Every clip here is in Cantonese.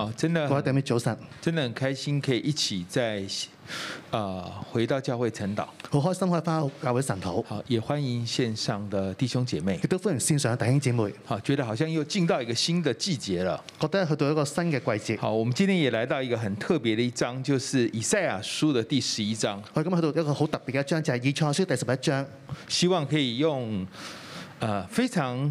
啊，真的，真的很開心，可以一起再啊、呃、回到教會晨禱。好開心可以翻回教會晨禱。好，也歡迎線上的弟兄姐妹。也都非常欣賞弟兄姐妹，好，覺得好像又進到一個新的季節了。好，覺得去到一個新的季節。好，我們今天也來到一個很特別的一章，就是以賽亞書的第十一章。我今日去到一個好特別嘅一章，就係、是、以賽亞書第十一章。希望可以用、呃、非常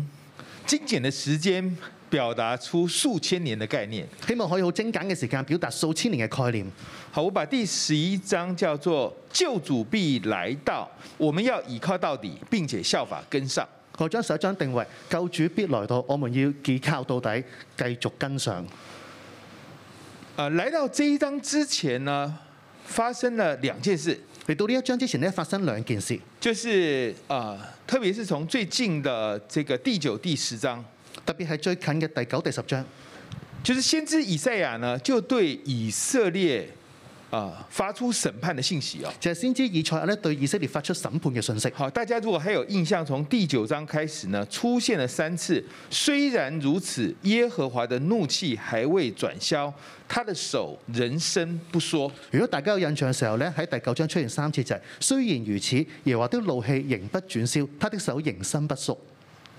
精簡嘅時間。表達出數千年的概念，希望可以好精簡嘅時間表達數千年嘅概念。好，我把第十一章叫做“救主必來到”，我們要倚靠到底，並且效法跟上。我將十一章定位“救主必來到”，我們要倚靠到底，繼續跟上。呃，來到這一章之前呢，發生了兩件事。嚟到呢一章之前呢，發生兩件事，就是呃，特別是從最近的這個第九、第十章。特別係，最近嘅第九、第十章，就是先知以賽亞呢，就對以色列啊發出審判嘅信息啊。就係先知以賽亞呢，對以色列發出審判嘅信息。好，大家如果還有印象，從第九章開始呢，出現了三次。雖然如此，耶和華的怒氣還未轉消，他的手仍伸不縮。如果大家有印象嘅時候呢，喺第九章出現三次，就是，就在雖然如此，耶和華的怒氣仍不轉消，他的手仍伸不縮。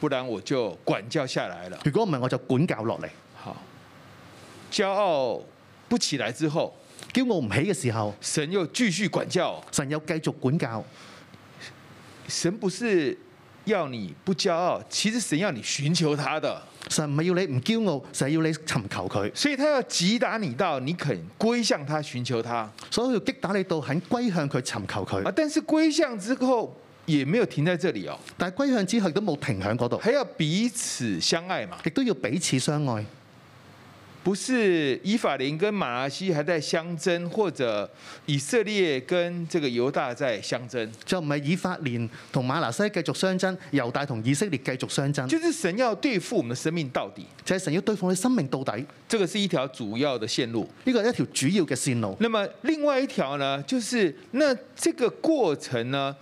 不然我就管教下來了。如果唔係我就管教落嚟。好，驕傲不起來之後，驕傲唔起嘅時候，神又繼續管教，神又繼續管教。神不是要你不驕傲，其實神要你尋求他的。神唔係要你唔驕傲，神要你尋求佢。所以他要擊打你到你肯歸向他尋求他，所以他要擊打你到你肯歸向佢尋求佢。啊，但是歸向之後。也沒有停在這裏。哦。但係歸向之後都冇停喺嗰度。係要彼此相愛嘛，亦都要彼此相愛，不是以法蓮跟馬拉西還在相爭，或者以色列跟這個猶大在相爭。就唔係以法蓮同馬拉西繼續相爭，猶大同以色列繼續相爭。就是神要對付我們的生命到底，就係、是、神要對付我哋生命到底。這個是一條主要的線路，呢個係一條主要嘅線路。那麼另外一條呢，就是那這個過程呢？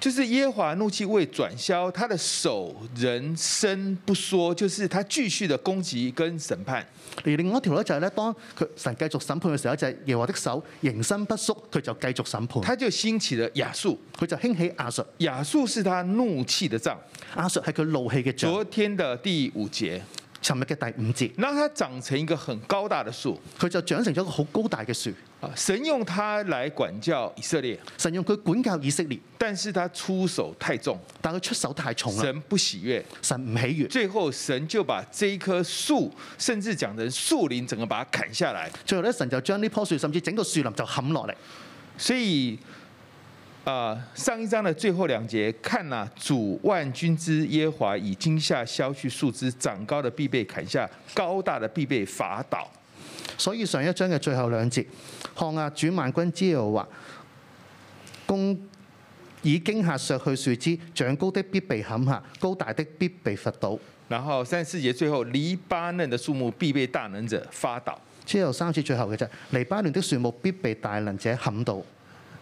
就是耶和華怒氣未轉消，他的手仍伸不縮，就是他繼續的攻擊跟審判。另外一條呢就係呢，當佢神繼續審判嘅時候，就係、是、耶和華的手仍伸不縮，佢就繼續審判。他就興起了亞述，佢就興起亞述。亞述是他怒氣的杖。亞述，係佢怒氣嘅杖。昨天的第五節。尋日嘅第五節，讓它長成一個很高大的樹，佢就長成一個好高大嘅樹。神用它來管教以色列，神用佢管教以色列，但是他出手太重，但佢出手太重啦。神不喜悦，神唔喜悅。最後神就把這棵樹，甚至講成樹林，整個把它砍下來。最後咧，神就將呢棵樹，甚至整個樹林就冚落嚟。所以。啊、uh，上一章的最後兩節看啦，啊，主萬軍之耶和華以驚嚇削去樹枝，長高的必被砍下，高大的必被伐倒，所以上一章嘅最後兩節看啊，主萬軍之耶和華公以驚嚇削去樹枝，長高的必被砍下，高大的必被伐倒。然後三四節最後，黎巴嫩的樹木必被大能者伐倒。之後三節最後嘅就黎巴嫩的樹木必被大能者砍倒。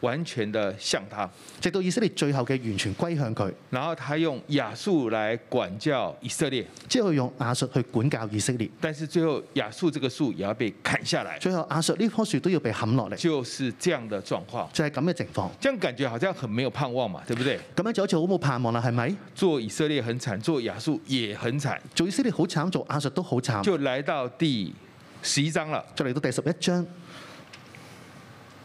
完全的像他，直到以色列最後嘅完全歸向佢，然後他用亞述來管教以色列，之後用亞述去管教以色列。但是最後亞述這個樹也要被砍下來，最後亞述呢棵樹都要被砍落嚟，就是這樣的狀況，就係咁嘅情況。這樣感覺好像很沒有盼望嘛，對不對？咁樣就好似好冇盼望啦，係咪？做以色列很慘，做亞述也很慘，做以色列好慘，做亞述都好慘。就來到第十一章啦，再嚟到第十一章。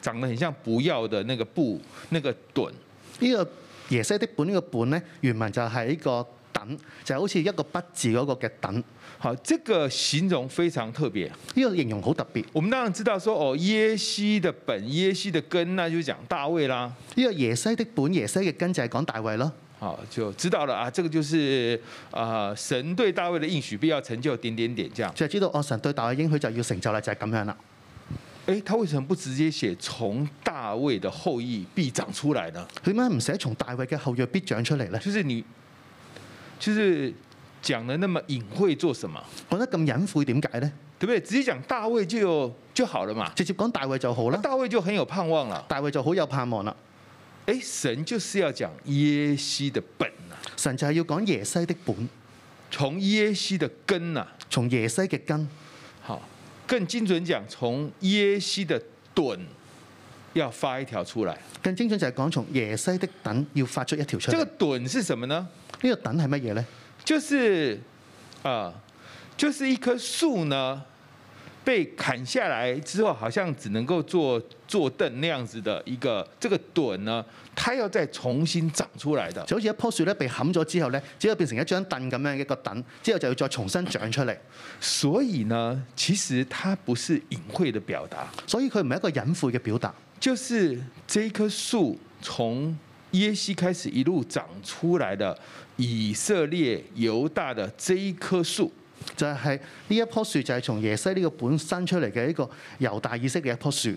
長得很像不要的那個布那個盾。呢個耶西的本呢個本咧，原文就係呢個等，就好似一個筆字嗰個嘅等。好，這個形容非常特別，呢個形容好特別。我們當然知道說哦，耶西的本，耶西的根，那就講大衛啦。呢個耶西的本，耶西嘅根就係講大衛咯。好，就知道了啊。這個就是啊，神對大衛的應許，必要成就點點點，這樣就以知道哦，神對大衛應許就要成就啦，就係咁樣啦。誒，他為什麼不直接寫從大衛的後裔必長出來呢？點解唔寫從大衛嘅後裔必長出嚟呢？就是你，就是講得那麼隱晦，做什麼？講得咁隱晦點解呢？對不對？直接講大衛就就好了嘛，直接講大衛就好了。啊、大衛就很有盼望啦，大衛就好有盼望啦。誒，神就是要講耶西的本啊，神就係要講耶西的本，從耶西的根啊，從耶西嘅根。更精準講，從耶西的盾要發一條出來。更精準就係講從耶西的盾要發出一條出來。這個盾是什麼呢？這個、麼呢個盾係乜嘢呢？就是啊、呃，就是一棵樹呢，被砍下來之後好像只能夠做。坐凳那樣子的一個，這個墩呢，它要再重新長出來的，就好似一棵樹咧，被砍咗之後咧，之後變成一張凳咁樣一個凳，之後就要再重新長出嚟。所以呢，其實它不是隱晦的表達，所以佢唔係一個隱晦嘅表達，就是這棵樹從耶西開始一路長出來的以色列猶大的這一棵樹，就係呢一棵樹就係從耶西呢個本生出嚟嘅一個猶大意識嘅一棵樹。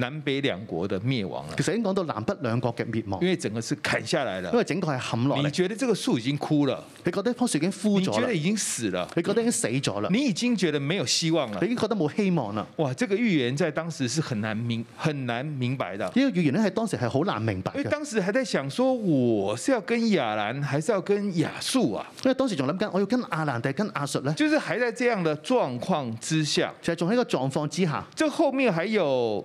南北兩國的滅亡啦。其實已經講到南北兩國嘅滅亡，因為整個是砍下來了，因為整個係砍落嚟。你覺得這個樹已經枯了，你覺得樖樹已經枯咗，你覺得已經死了，你覺得已經死咗了，你已經覺得沒有希望了，你已經覺得冇希望了。哇！這個預言在當時是很難明，很難明白的。因、呢個預言呢，喺當時係好難明白。因為當時還在想，說我是要跟亞蘭，還是要跟亞述啊？因為當時仲諗緊，我要跟亞蘭定係跟亞述咧。就是還在這樣的狀況之下，其實在仲喺個狀況之下，就後面還有。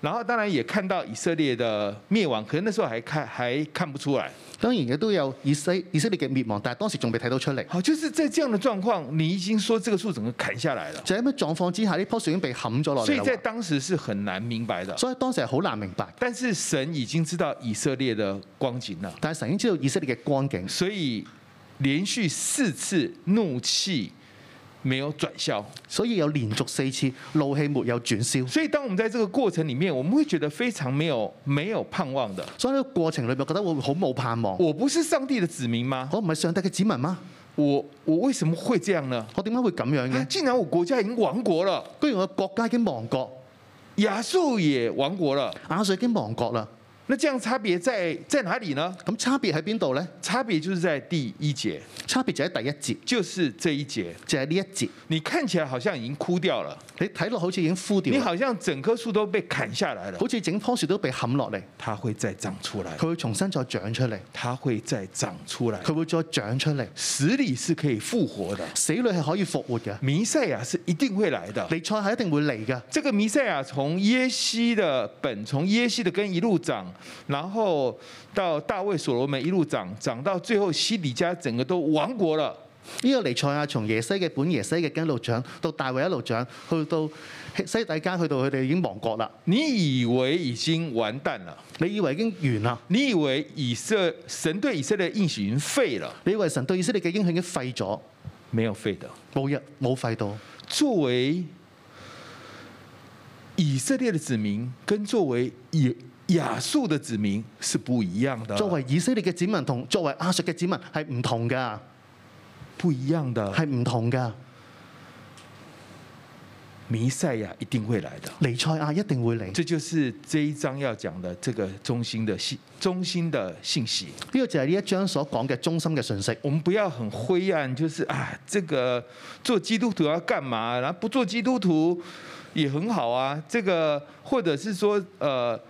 然後當然也看到以色列的滅亡，可能那時候還看還看不出來。當然也都有以色以色列的滅亡，但是當時仲未睇到出來。好，就是在這樣的狀況，你已經說這個樹整個砍下來啦。在咩狀況之下呢棵樹已經被砍咗落去。所以在當時是很難明白的。所以當時好難明白，但是神已經知道以色列的光景了，但是神已經知道以色列的光景，所以連續四次怒氣。冇有轉消，所以要連續四次切，怒氣沒有轉消。所以當我們在這個過程裏面，我們會覺得非常沒有沒有盼望的。所以個過程裏面，覺得我好冇盼望。我不是上帝的子民嗎？我唔係上帝嘅子民嗎？我我為什麼會這樣呢？我點解會咁樣嘅？既、啊、然我國家已經亡國啦，居然我國家已經亡國，亞述也亡國啦，亞述已經亡國啦。那這樣差別在在哪裏呢？咁差別喺邊度呢？差別就是在第一節，差別就喺第一節，就是這一節，就喺呢一節。你看起來好像已經枯掉了，誒，睇落好似已經枯掉了，你好像整棵樹都被砍下來了，好似整棵樖樹都被砍落嚟。它會再長出來，佢會重新再長出嚟，它會再長出來，佢會再長出嚟。死裡是可以復活的，死裡係可以復活嘅，彌賽亞是一定會來嘅。彌賽亞係一定會嚟嘅。這個彌賽亞從耶西的本，從耶西的根一路長。然後到大衛、所羅門一路長，長到最後西底家整個都亡國了。呢個彌賽亞從耶西嘅本，耶西嘅一路長，到大衛一路長，去到西底家，去到，佢哋已經亡國啦。你以為已經完蛋了？你以為已經完啦？你以為以色列神對以色列的應許已經廢了？你以為神對以色列嘅應許已經廢咗？沒有廢的，冇一冇廢到。作為以色列的子民，跟作為以亞述的子民是不一樣的。作為以色列嘅子民，同作為亞述嘅子民，係唔同噶，不一樣的，係唔同噶。彌賽亞一定會來的，彌賽亞一定會來。這就是這一章要講的這個中心的信，中心的信息。呢個就係呢一章所講嘅中心嘅信息，我們不要很灰暗，就是啊，這個做基督徒要幹嘛？然後不做基督徒也很好啊。這個或者是說，呃。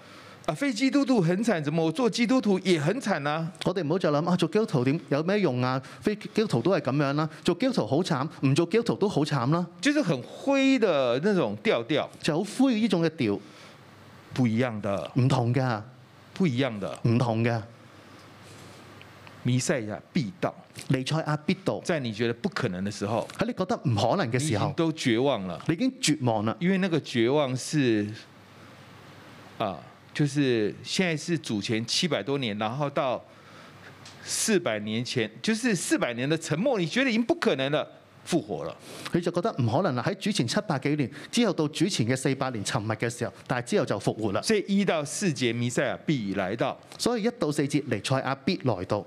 啊，非基督徒很慘，怎麼我做基督徒也很慘啦，啊？我哋唔好就諗啊，做基督徒點有咩用啊？非基督徒都係咁樣啦，啊，做基督徒好慘，唔做基督徒都好慘啦。就是很灰的那種調調，就好灰呢種嘅調，不一樣的，唔同噶，不一樣的，唔同噶。彌賽亞必到，彌賽亞必到，在你覺得不可能嘅時候，喺你覺得唔可能嘅時候，你都絕望啦，你已經絕望啦，因為那個絕望是，啊、呃。就是現在是主前七百多年，然後到四百年前，就是四百年的沉默，你覺得已經不可能了，復活了，你就覺得唔可能啦。喺主前七百幾年之後到主前嘅四百年沉默嘅時候，但係之後就復活啦。所以一到四節，彌賽亞必來到，所以一到四節，尼賽亞必來到。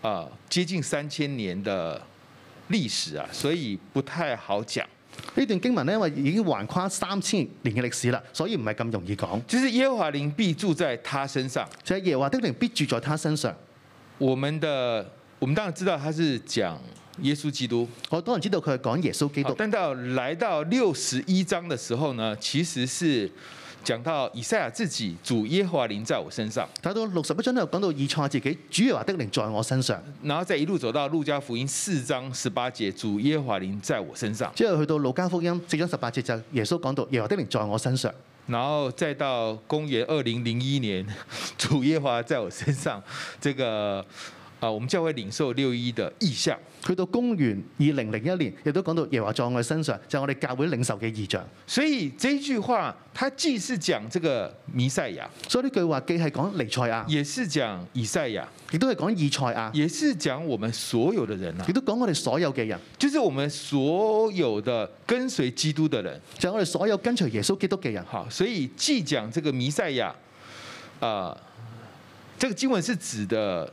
啊，接近三千年的歷史啊，所以不太好講呢段經文呢，因為已經橫跨三千年的歷史啦，所以唔係咁容易講。其、就、實、是、耶和華靈必住在他身上，所以耶和華的靈必住在他身上。我們的我們當然知道，他是講耶穌基督。好多人知道佢講耶穌基督。但到來到六十一章的時候呢，其實是。講到以賽亞自己，主耶和華靈在我身上。睇到六十一章都講到以賽亞自己，主耶和華的靈在我身上，然後再一路走到路加福音四章十八節，主耶和華靈在我身上，之後去到路加福音四章十八節就耶穌講到耶和華的靈在我身上，然後再到公元二零零一年，主耶和華在我身上，這個。啊，我們教會領受六一的異象，去到公元二零零一年，亦都講到耶華在我身上，就係我哋教會領受嘅異象。所以呢句話，它既是講這個彌賽亞，所以呢句話既係講彌賽亞，也是講以賽亞，亦都係講以賽亞，也是講我們所有的人啦，亦都講我哋所有嘅人，就是我們所有的跟隨基督嘅人，就我哋所有跟隨耶穌基督嘅人。好，所以既講這個彌賽亞，啊，這個經文是指的。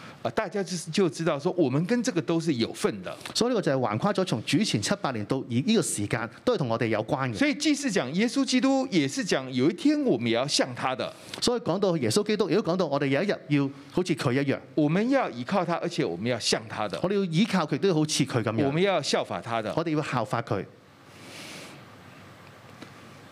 啊！大家就就知道，說我們跟這個都是有份的。所以呢個就係橫跨咗從主前七八年到以呢個時間，都係同我哋有關嘅。所以既是講耶穌基督，也是講有一天我們也要像他的。所以講到耶穌基督，亦都講到我哋有一日要好似佢一樣，我們要依靠他，而且我們要像他的。我哋要依靠佢都要好似佢咁樣。我們要效法他的，我哋要效法佢。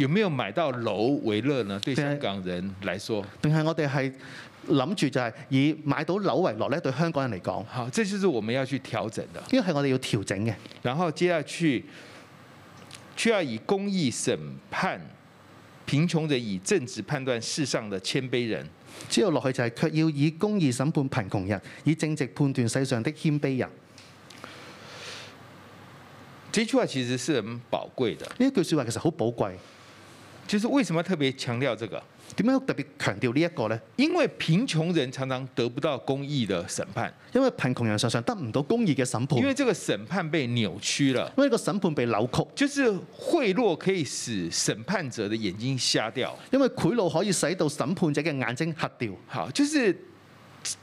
有沒有買到樓為樂呢？對香港人來說，定係我哋係諗住就係以買到樓為樂呢？對香港人嚟講，好，這就是我們要去調整的。呢個係我哋要調整嘅。然後接下去，卻要以公義審判貧窮人，以正直判斷世上的謙卑人。之後落去就係，卻要以公義審判貧窮人，以正直判斷世上的謙卑人。這句話其實是很寶貴的。呢句説話其實好寶貴。其實為什麼特別強調這個？點解要特別強調呢一個呢？因為貧窮人常常得不到公義的審判，因為貧窮人常常得唔到公義嘅審判。因為這個審判被扭曲了，因為個審判被扭曲，就是賄賂可以使審判者的眼睛瞎掉，因為賄賂可以使到審判者嘅眼睛瞎掉，吓，就是。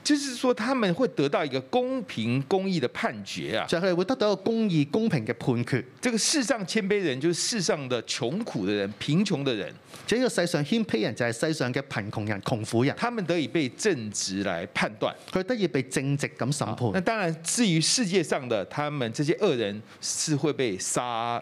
就是說他們會得到一個公平公義的判決啊！將來我都得到公義公平嘅判決。這個世上謙卑人，就是世上的窮苦的人、貧窮的人。這個世上謙卑人就係世上嘅貧窮人、窮苦人，他們得以被正直來判斷，佢得以被正直咁審判。那當然，至於世界上的他們這些惡人，是會被殺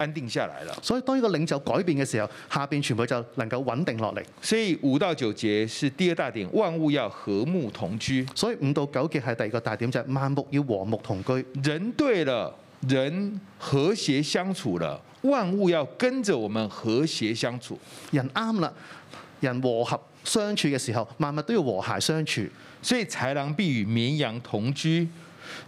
安定下來了，所以當一個領袖改變嘅時候，下邊全部就能夠穩定落嚟。所以五到九節是第二大點，萬物要和睦同居。所以五到九節係第二個大點，就係萬物要和睦同居。人對了，人和諧相處了，萬物要跟着我們和諧相處。人啱啦，人和合相處嘅時候，萬物都要和諧相處。所以豺狼必與綿羊同居，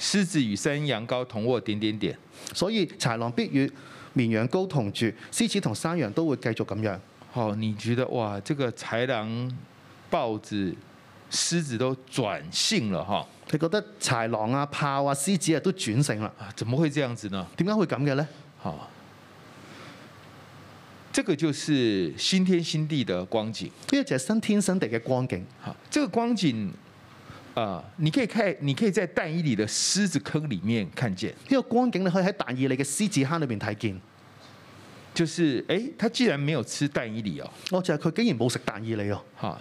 獅子與山羊羔同卧，點點點。所以豺狼必與綿羊高同住，獅子同山羊都會繼續咁樣。哦，你覺得哇，這個豺狼、豹子、獅子都轉性了哈？你覺得豺狼啊、豹啊、獅子啊都轉性啦？怎麼會這樣子呢？點解會咁嘅咧？哦，這個就是新天新地的光景，呢個就係新天新地嘅光景。好、哦，這個光景。啊，你可以看，你可以在但以理的獅子坑裏面看見。那個光景呢，還還打耶了一就是哎、欸，他既然沒有吃但以理哦，我他竟然冇食但以理哦。哈，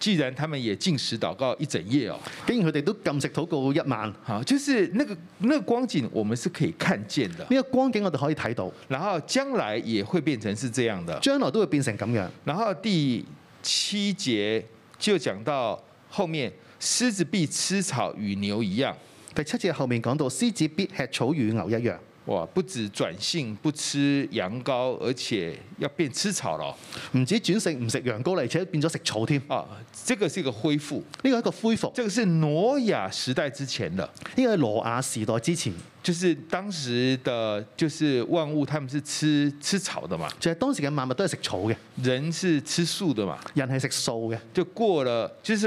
既然他們也禁食禱告一整夜哦，竟然佢哋都禁食禱告一晚。哈，就是那個那個光景，我們是可以看見的。那個光景我都好易睇到，然後將來也會變成是這樣的，將來都會變成咁樣。然後第七節就講到後面。獅子必吃草與牛一樣，第七節後面講到獅子必吃草與牛一樣。哇！不止轉性不吃羊羔，而且要變吃草咯。唔止轉性唔食羊羔，而且變咗食草添。啊、哦！這個是一個恢復，呢個一個恢復，即係先挪亞時代之前的，因為挪亞時代之前就是當時的，就是萬物，他們是吃吃草的嘛。就係當時嘅萬物都係食草嘅，人是吃素的嘛，人係食素嘅，就過了，就是。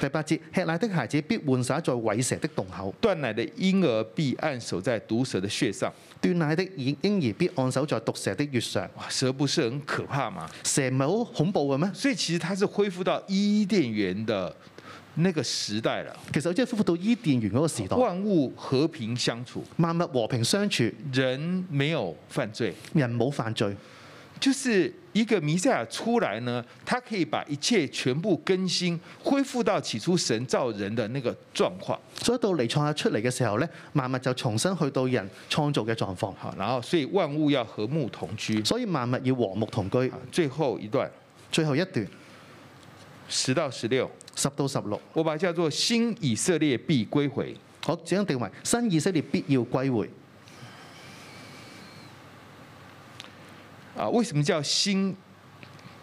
第八節，吃奶的孩子必玩耍在虺蛇的洞口，斷奶的嬰兒必按手在毒蛇的穴上。斷奶的嬰嬰兒必按手在毒蛇的穴上。蛇不是很可怕嘛？蛇唔係好恐怖嘅咩？所以其實它是恢復到伊甸園的那個時代啦。其實即係恢復到伊甸園嗰個時代，萬物和平相處，萬物和平相處，人沒有犯罪，人冇犯罪。就是一個彌賽亞出來呢，他可以把一切全部更新，恢復到起初神造人的那個狀況。所以到尼創亞出嚟嘅時候呢，萬物就重新去到人創造嘅狀況。哈，然後所以萬物要和睦同居，所以萬物要和睦同居。最後一段，最後一段，十到十六，十到十六，我把它叫做新以色列必歸回。好，這樣定位？新以色列必要歸回。啊，為什麼叫新？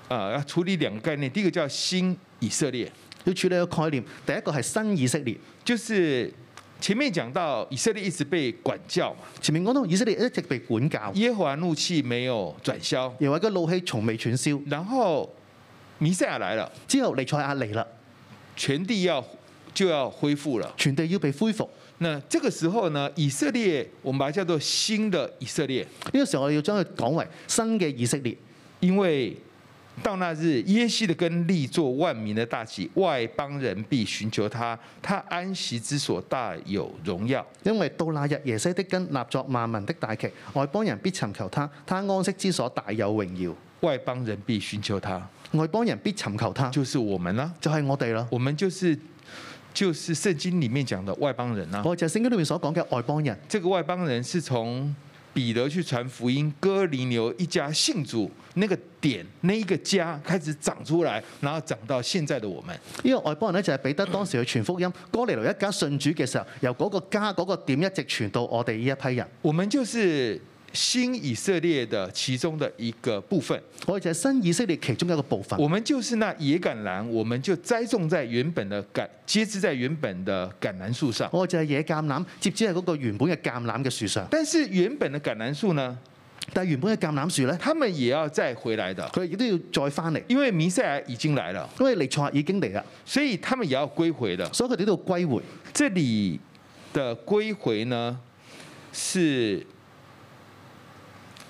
啊、呃，要處理兩個概念。第一個叫新以色列，要處理一個概念。第一個係新以色列，就是前面講到以色列一直被管教。前面講到以色列一直被管教。耶和華怒氣沒有轉消，又話個怒氣從未轉消。然後彌賽亞來了，之後尼塞亞來了，全地要就要恢復了，全地要被恢復。那這個時候呢，以色列我們把它叫做新的以色列，呢個時候，我哋要將佢講為新嘅以色列。因為到那日，耶西的根立作萬民的大旗，外邦人必尋求他，他安息之所大有榮耀。因為到那日，耶西的根立作萬民的大旗，外邦人必尋求他，他安息之所大有榮耀。外邦人必尋求他，外邦人必尋求他，就是我們啦，就係、是、我哋啦，我們就是。就是聖經裏面講的外邦人啊，就係聖經裡面所講嘅外邦人。這個外邦人是從彼得去傳福音，哥尼流一家信主，那個點那一個家開始長出來，然後長到現在的我們。因為外邦人呢就係彼得當時去傳福音，哥尼流一家信主嘅時候，由嗰個家嗰個點一直傳到我哋呢一批人。我們就是。新以色列的其中的一個部分，或者新以色列其中一個部分。我們就是那野橄欖，我們就栽種在原本的橄接在原本的橄欖樹上。或者野橄欖接枝在那個原本嘅橄欖嘅樹上。但是原本嘅橄欖樹呢？但原本嘅橄欖樹呢？他們也要再回來的，一定要再翻嚟，因為彌賽亞已經來了，因為靈創已經嚟了，所以他們也要歸回的。所以佢哋都歸回。這裏的歸回呢是。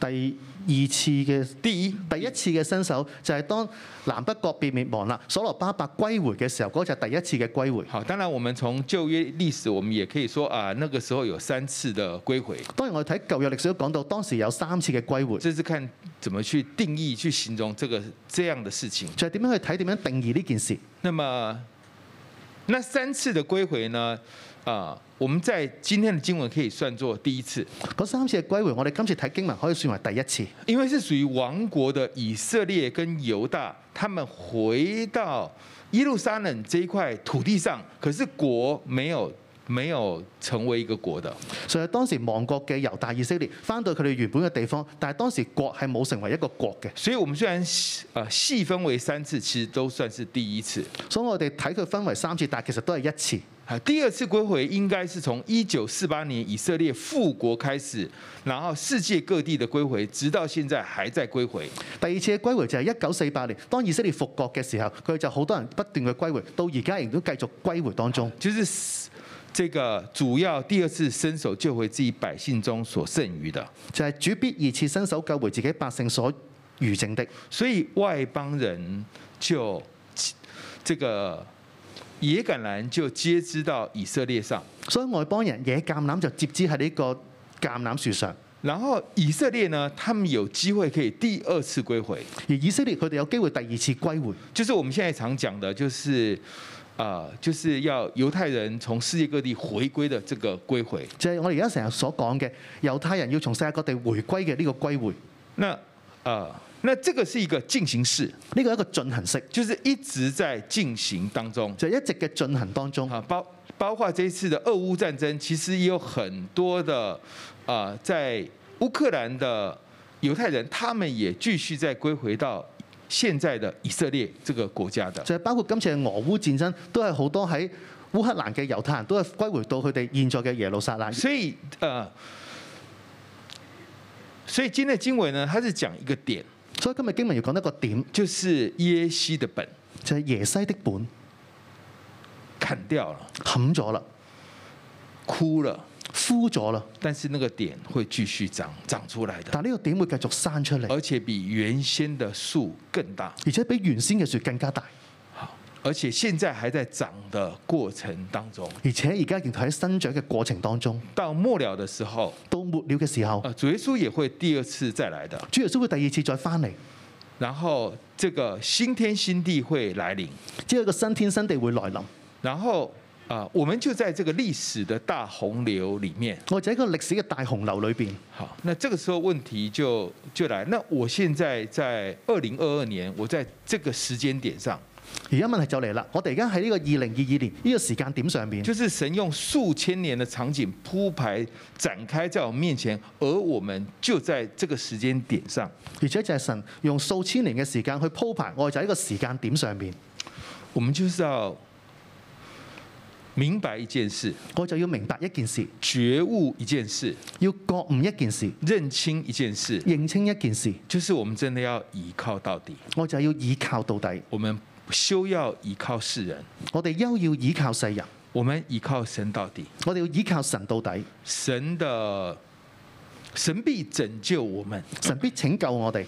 第二次嘅啲，D? 第一次嘅新手就係當南北國被滅亡啦，所羅巴伯，伯歸回嘅時候，嗰、那個、就係第一次嘅歸回。好，當然我們從舊約歷史，我們也可以說啊，那個時候有三次嘅歸回。當然我睇舊約歷史都講到，當時有三次嘅歸回。即係看怎麼去定義、去形容這個這樣嘅事情。就係、是、點樣去睇，點樣定義呢件事？那麼，那三次的歸回呢？啊？我們在今天的經文可以算作第一次。嗰三次嘅歸回，我哋今次睇經文可以算為第一次，因為是屬於王國的以色列跟猶大，他們回到耶路撒冷這一塊土地上，可是國沒有沒有成為一個國的。所以當時亡國嘅猶大以色列翻到佢哋原本嘅地方，但係當時國係冇成為一個國嘅。所以我們雖然啊，細分為三次，其實都算是第一次。所以我哋睇佢分為三次，但係其實都係一次。第二次歸回應該是從一九四八年以色列復國開始，然後世界各地的歸回，直到現在還在歸回。第二次的歸回就係一九四八年，當以色列復國嘅時候，佢就好多人不斷嘅歸回到而家，亦都繼續歸回當中。就是這個主要第二次伸手救回自己百姓中所剩餘的，就係、是、主必二次伸手救回自己百姓所餘剩的。所以外邦人就這個。野橄欖就接枝到以色列上，所以外邦人野橄欖就接枝喺呢個橄欖樹上，然後以色列呢，他們有機會可以第二次歸回。而以色列佢哋有機會第二次歸回，就是我們現在常講的，就是啊、呃，就是要猶太人從世界各地回歸的這個歸回，即、就、係、是、我哋而家成日所講嘅，猶太人要從世界各地回歸嘅呢個歸回。那啊。呃那這個是一個進行式，那個一個均衡式，就是一直在進行當中，在、就是、一個均衡當中啊，包包括這次的俄烏戰爭，其實也有很多的啊、呃，在烏克蘭的猶太人，他們也繼續在歸回到現在的以色列這個國家的。所以包括今次的俄烏戰爭，都係好多喺烏克蘭嘅猶太人都係歸回到佢哋現在嘅耶路撒冷。所以，呃，所以今天經文呢，它是講一個點。所以今日經文要講一個點，就是耶西的本，就係、是、耶西的本，砍掉了，冚咗啦，枯了，枯咗啦，但是那個點會繼續長，長出來的。但呢個點會繼續生出嚟，而且比原先的樹更大，而且比原先嘅樹更加大。而且現在還在長的過程當中，而且而家仍然喺生長嘅過程當中。到末了的時候，到末了嘅時候，啊，主耶穌也會第二次再來的。主耶穌會第二次再返嚟，然後這個新天新地會來臨，第二個新天新地會來臨，然後啊，我們就在這個歷史的大洪流裡面，我喺一個歷史嘅大洪流裏邊。好，那這個時候問題就就來，那我現在在二零二二年，我喺這個時間點上。而家問題就嚟啦！我哋而家喺呢個二零二二年呢個時間點上面，就是神用數千年的場景鋪排、展開在我面前，而我們就在這個時間點上，而且就係神用數千年嘅時間去鋪排，我就喺呢個時間點上面，我們就是要明白一件事，我就要明白一件事，覺悟一件事，要覺悟一件事，認清一件事，認清一件事，就是我們真的要依靠到底，我就要依靠到底，我們。休要倚靠世人，我哋休要倚靠世人，我們倚靠神到底，我哋要依靠神到底。神的神必拯救我們，神必拯救我哋。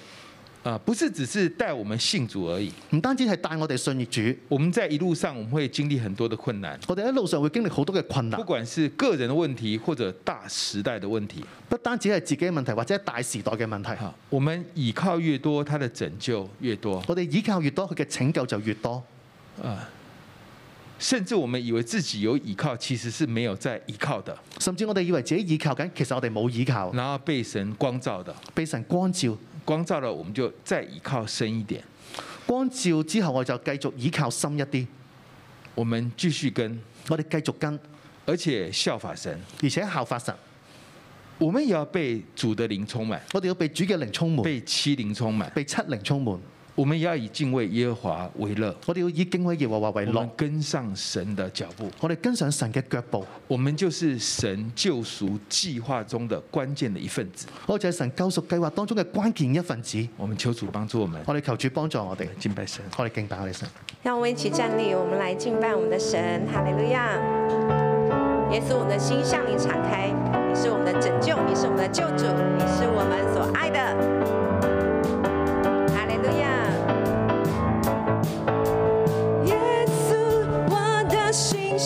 啊，不是只是帶我們信主而已，唔單止係帶我哋信主，我們在一路上，我們會經歷很多的困難。我哋一路上會經歷好多嘅困難，不管是個人嘅問題或者大時代嘅問題。不單止係自己嘅問題或者大時代嘅問題。我們倚靠越多，他的拯救越多。我哋倚靠越多，佢嘅拯救就越多。甚至我們以為自己有倚靠，其實是沒有在倚靠的。甚至我哋以為自己倚靠緊，其實我哋冇倚靠。然後被神光照的，被神光照。光照了，我們就再倚靠深一點。光照之後我就繼續倚靠深一啲。我們繼續跟，我哋繼續跟，而且效法神，而且效法神。我們也要被主的靈充滿，我哋要被主嘅靈充滿，被七靈充滿，被七靈充滿。我們要以敬畏耶和華為樂，我哋要以敬畏耶和華為樂。我們跟上神的腳步，我哋跟上神嘅腳步，我們就是神救贖計劃中的關鍵的一份子。我哋係神救贖計劃當中的關鍵一份子。我們求主幫助我們，我哋求主幫助我哋敬拜神，我哋敬拜我哋神。讓我們一起站立，我們來敬拜我們的神，哈利路亞！也是我們的心向你敞開，你是我們的拯救，你是我們的救主，你是我們所愛的。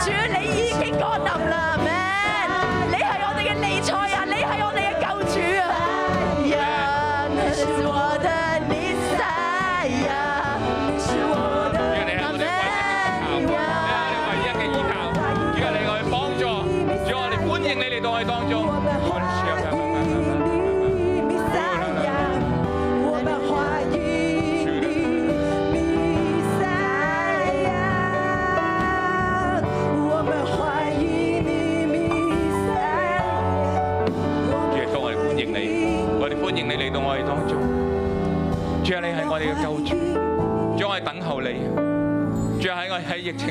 主，你已經覺得。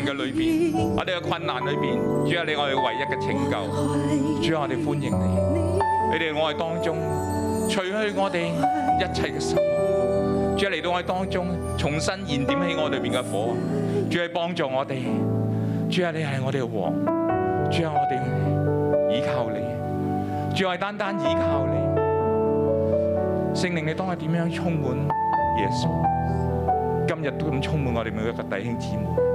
嘅裏邊，我哋嘅困難裏邊，主啊你我哋唯一嘅拯救，主啊我哋歡迎你，你哋我哋當中，除去我哋一切嘅失望，主啊嚟到我哋當中，重新燃點起我哋裏邊嘅火啊，主係幫助我哋，主啊你係我哋嘅王，主啊我哋依靠你，主係單單依靠你，聖靈你當日點樣充滿耶穌，今日都咁充滿我哋每一個弟兄姊妹。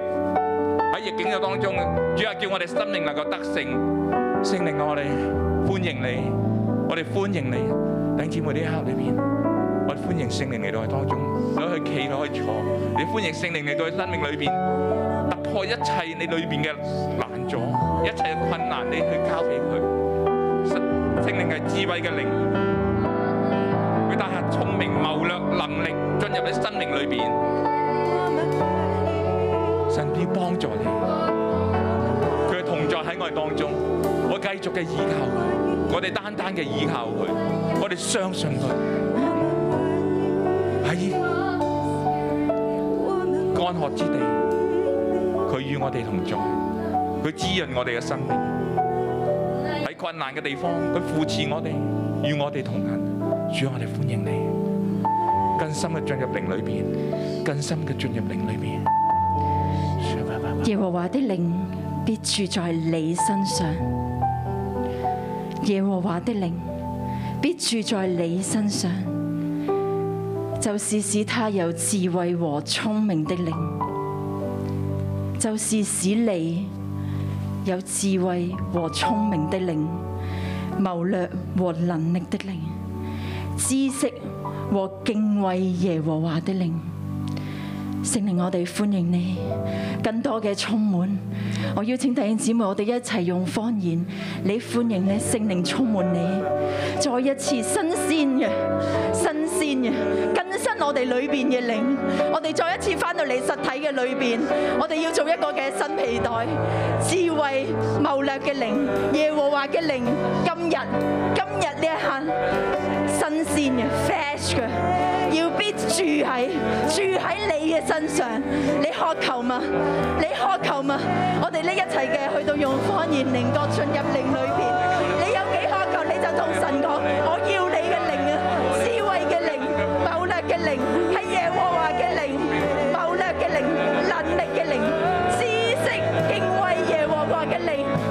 逆境嘅當中，主啊叫我哋心靈能夠得勝，聖靈我哋歡迎你，我哋歡迎你，等姊妹呢一刻裏邊，我哋歡迎聖靈嚟到我哋當中，想去企，去坐，你歡迎聖靈嚟到你生命裏邊，突破一切你裏邊嘅難阻，一切嘅困難你去交俾佢，聖靈係智慧嘅靈。續嘅依靠佢，我哋單單嘅依靠佢，我哋相信佢喺乾渴之地，佢與我哋同在，佢滋潤我哋嘅生命。喺困難嘅地方，佢扶持我哋，與我哋同難同行。主，我哋歡迎你，更深嘅進入靈裏邊，更深嘅進入靈裏邊。耶和華的靈必住在你身上。耶和華的靈必住在你身上，就是使他有智慧和聰明的靈，就是使你有智慧和聰明的靈、謀略和能力的靈、知識和敬畏耶和華的靈。聖靈，我哋歡迎你，更多嘅充滿。我邀請弟兄姊妹，我哋一齊用方言，你歡迎你，聖靈充滿你，再一次新鮮嘅。更新我哋裏邊嘅靈，我哋再一次翻到你實體嘅裏邊，我哋要做一個嘅新皮袋，智慧謀略嘅靈，耶和華嘅靈，今日今日呢一刻新鮮嘅 fresh 嘅，要必住喺住喺你嘅身上，你渴求嘛？你渴求嘛？我哋呢一切嘅去到用方言靈各進入靈裏邊，你有幾渴求你就同神講，我要。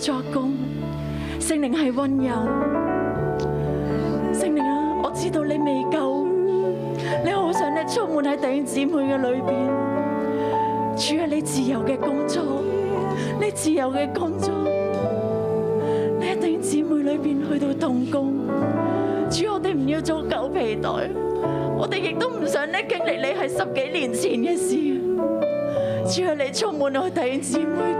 作工，聖靈係温柔，聖靈啊，我知道你未夠，你好想咧充滿喺弟兄姊妹嘅裏邊，主啊，你自由嘅工作，你自由嘅工作，你喺弟兄姊妹裏邊去到動工，主，我哋唔要做舊皮袋，我哋亦都唔想咧經歷你係十幾年前嘅事，主啊，你充滿我弟兄姊妹。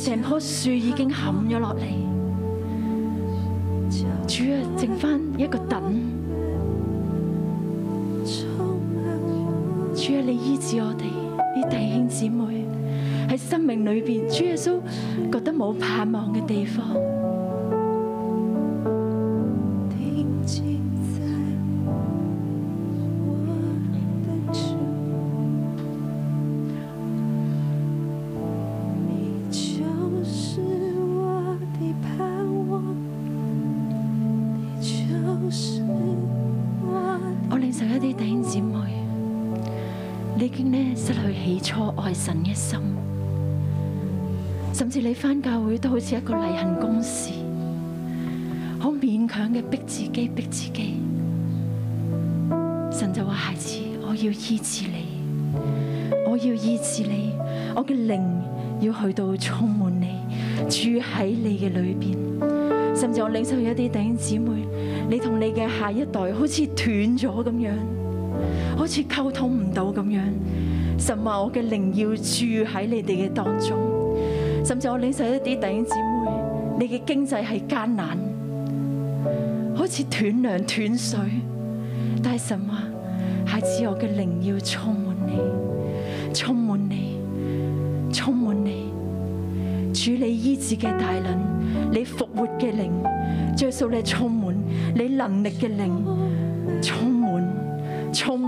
成棵樹已經冚咗落嚟。起初愛神嘅心，甚至你翻教會都好似一個例行公事，好勉強嘅逼自己，逼自己。神就話：孩子，我要醫治你，我要醫治你，我嘅靈要去到充滿你，住喺你嘅裏邊。甚至我領受咗一啲弟兄姊妹，你同你嘅下一代好似斷咗咁樣，好似溝通唔到咁樣。神話，我嘅靈要住喺你哋嘅當中，甚至我領受一啲弟兄姊妹，你嘅經濟係艱難，好似斷糧斷水，但係神話，孩子，我嘅靈要充滿你，充滿你，充滿你，處理醫治嘅大能，你復活嘅靈，耶穌你充滿你能力嘅靈，充滿充。